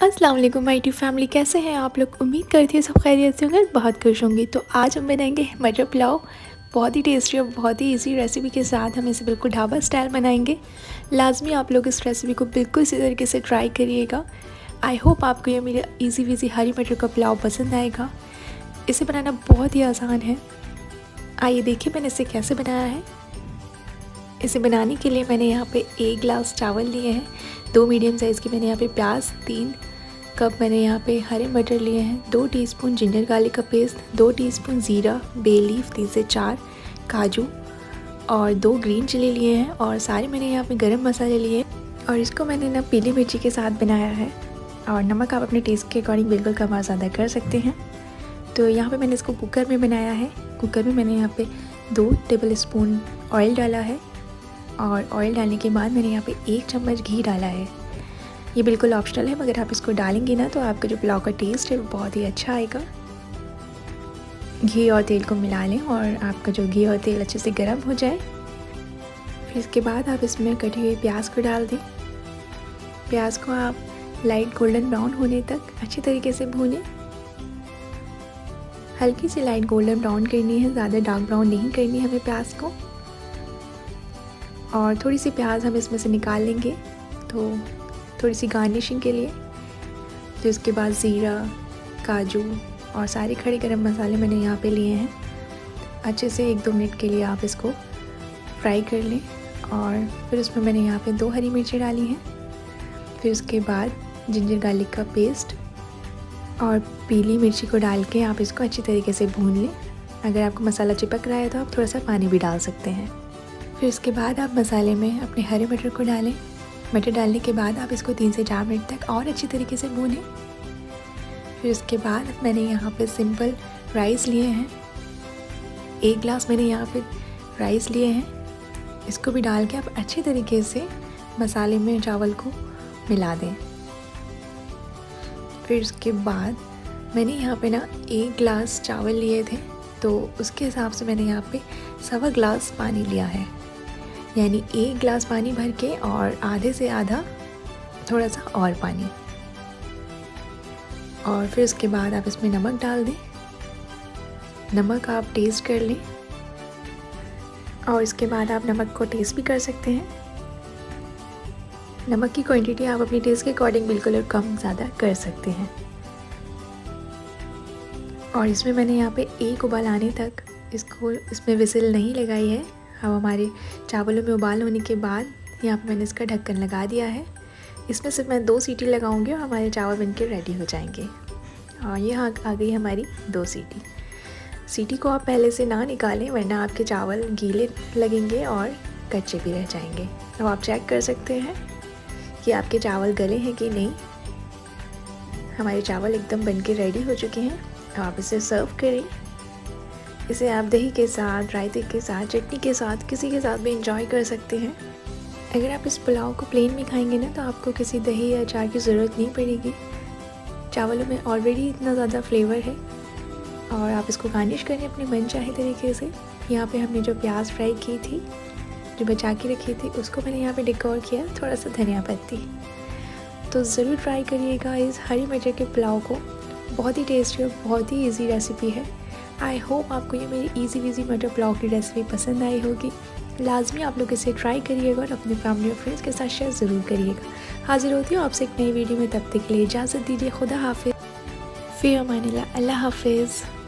अस्सलाम वालेकुम my to family कैसे हैं आप लोग उम्मीद करती हैं सब खैरियत से होंगे बहुत खुश होंगी तो आज हम बनाएंगे मटर पुलाव बहुत ही टेस्टी और बहुत ही इजी रेसिपी के साथ हम इसे बिल्कुल ढाबा स्टाइल बनाएंगे लाजमी आप लोग इस रेसिपी को बिल्कुल इसी तरीके से ट्राई करिएगा आई होप आपको ये मेरा ईजी वीजी हरी मटर का पुलाव पसंद आएगा इसे बनाना बहुत ही आसान है आइए देखिए मैंने इसे कैसे बनाया है इसे बनाने के लिए मैंने यहाँ पे एक ग्लास चावल लिए हैं दो मीडियम साइज़ के मैंने यहाँ पे प्याज तीन कप मैंने यहाँ पे हरे मटर लिए हैं दो टीस्पून जिंजर गार्लिक का पेस्ट दो टीस्पून ज़ीरा बे लीफ तीन से चार काजू और दो ग्रीन चिली लिए हैं और सारे मैंने यहाँ पे गरम मसाले लिए और इसको मैंने ना पीली मिर्ची के साथ बनाया है और नमक आप अपने टेस्ट के अकॉर्डिंग बिल्कुल कम और ज़्यादा कर सकते हैं तो यहाँ पे मैंने इसको कुकर में बनाया है कुकर में मैंने यहाँ पे दो टेबल स्पून ऑयल डाला है और ऑयल डालने के बाद मैंने यहाँ पे एक चम्मच घी डाला है ये बिल्कुल ऑप्शनल है मगर आप इसको डालेंगे ना तो आपका जो पुलाव का टेस्ट है वो बहुत ही अच्छा आएगा घी और तेल को मिला लें और आपका जो घी और तेल अच्छे से गर्म हो जाए फिर इसके बाद आप इसमें कटी हुई प्याज को डाल दें प्याज को आप लाइट गोल्डन ब्राउन होने तक अच्छे तरीके से भूनें हल्की सी लाइट गोल्डन ब्राउन करनी है ज़्यादा डार्क ब्राउन नहीं करनी है हमें प्याज को और थोड़ी सी प्याज हम इसमें से निकाल लेंगे तो थोड़ी सी गार्निशिंग के लिए फिर उसके बाद ज़ीरा काजू और सारे खड़े गरम मसाले मैंने यहाँ पे लिए हैं अच्छे से एक दो मिनट के लिए आप इसको फ्राई कर लें और फिर उसमें मैंने यहाँ पे दो हरी मिर्ची डाली हैं फिर उसके बाद जिंजर गार्लिक का पेस्ट और पीली मिर्ची को डाल के आप इसको अच्छी तरीके से भून लें अगर आपको मसाला चिपक रहा है तो आप थोड़ा सा पानी भी डाल सकते हैं फिर उसके बाद आप मसाले में अपने हरे मटर को डालें मटर डालने के बाद आप इसको तीन से चार मिनट तक और अच्छी तरीके से भूनें फिर उसके बाद मैंने यहाँ पर सिंपल राइस लिए हैं एक ग्लास मैंने यहाँ पर राइस लिए हैं इसको भी डाल के आप अच्छे तरीके से मसाले में चावल को मिला दें फिर उसके बाद मैंने यहाँ पे ना एक ग्लास चावल लिए थे तो उसके हिसाब से मैंने यहाँ पे सवा ग्लास पानी लिया है यानी एक ग्लास पानी भर के और आधे से आधा थोड़ा सा और पानी और फिर उसके बाद आप इसमें नमक डाल दें नमक आप टेस्ट कर लें और इसके बाद आप नमक को टेस्ट भी कर सकते हैं नमक की क्वांटिटी आप अपनी टेस्ट के अकॉर्डिंग बिल्कुल और कम ज़्यादा कर सकते हैं और इसमें मैंने यहाँ पे एक उबाल आने तक इसको इसमें विसिल नहीं लगाई है अब हमारे चावलों में उबाल होने के बाद यहाँ पर मैंने इसका ढक्कन लगा दिया है इसमें सिर्फ मैं दो सीटी लगाऊंगी और हमारे चावल बनके रेडी हो जाएंगे और ये हाँ आ गई हमारी दो सीटी सीटी को आप पहले से ना निकालें वरना आपके चावल गीले लगेंगे और कच्चे भी रह जाएंगे अब आप चेक कर सकते हैं कि आपके चावल गले हैं कि नहीं हमारे चावल एकदम बनके रेडी हो चुके हैं अब आप इसे सर्व करें इसे आप दही के साथ रायते के साथ चटनी के साथ किसी के साथ भी इंजॉय कर सकते हैं अगर आप इस पुलाव को प्लेन में खाएंगे ना तो आपको किसी दही या अचार की ज़रूरत नहीं पड़ेगी चावलों में ऑलरेडी इतना ज़्यादा फ्लेवर है और आप इसको गार्निश करें अपने मन चाहे तरीके से यहाँ पे हमने जो प्याज फ्राई की थी जो बचा के रखी थी उसको मैंने यहाँ पे डेकोर किया थोड़ा सा धनिया पत्ती तो ज़रूर ट्राई करिएगा इस हरी मटर के पुलाव को बहुत ही टेस्टी और बहुत ही इजी रेसिपी है आई होप आपको ये मेरी ईजी वीजी मटर पुलाव की रेसिपी पसंद आई होगी लाजमी आप लोग इसे ट्राई करिएगा और अपने फैमिली और फ्रेंड्स के साथ शेयर ज़रूर करिएगा हाजिर होती हूँ आपसे एक नई वीडियो में तब तक के लिए इजाज़त दीजिए खुदा हाफिज़ फिर अमान अल्लाह हाफिज़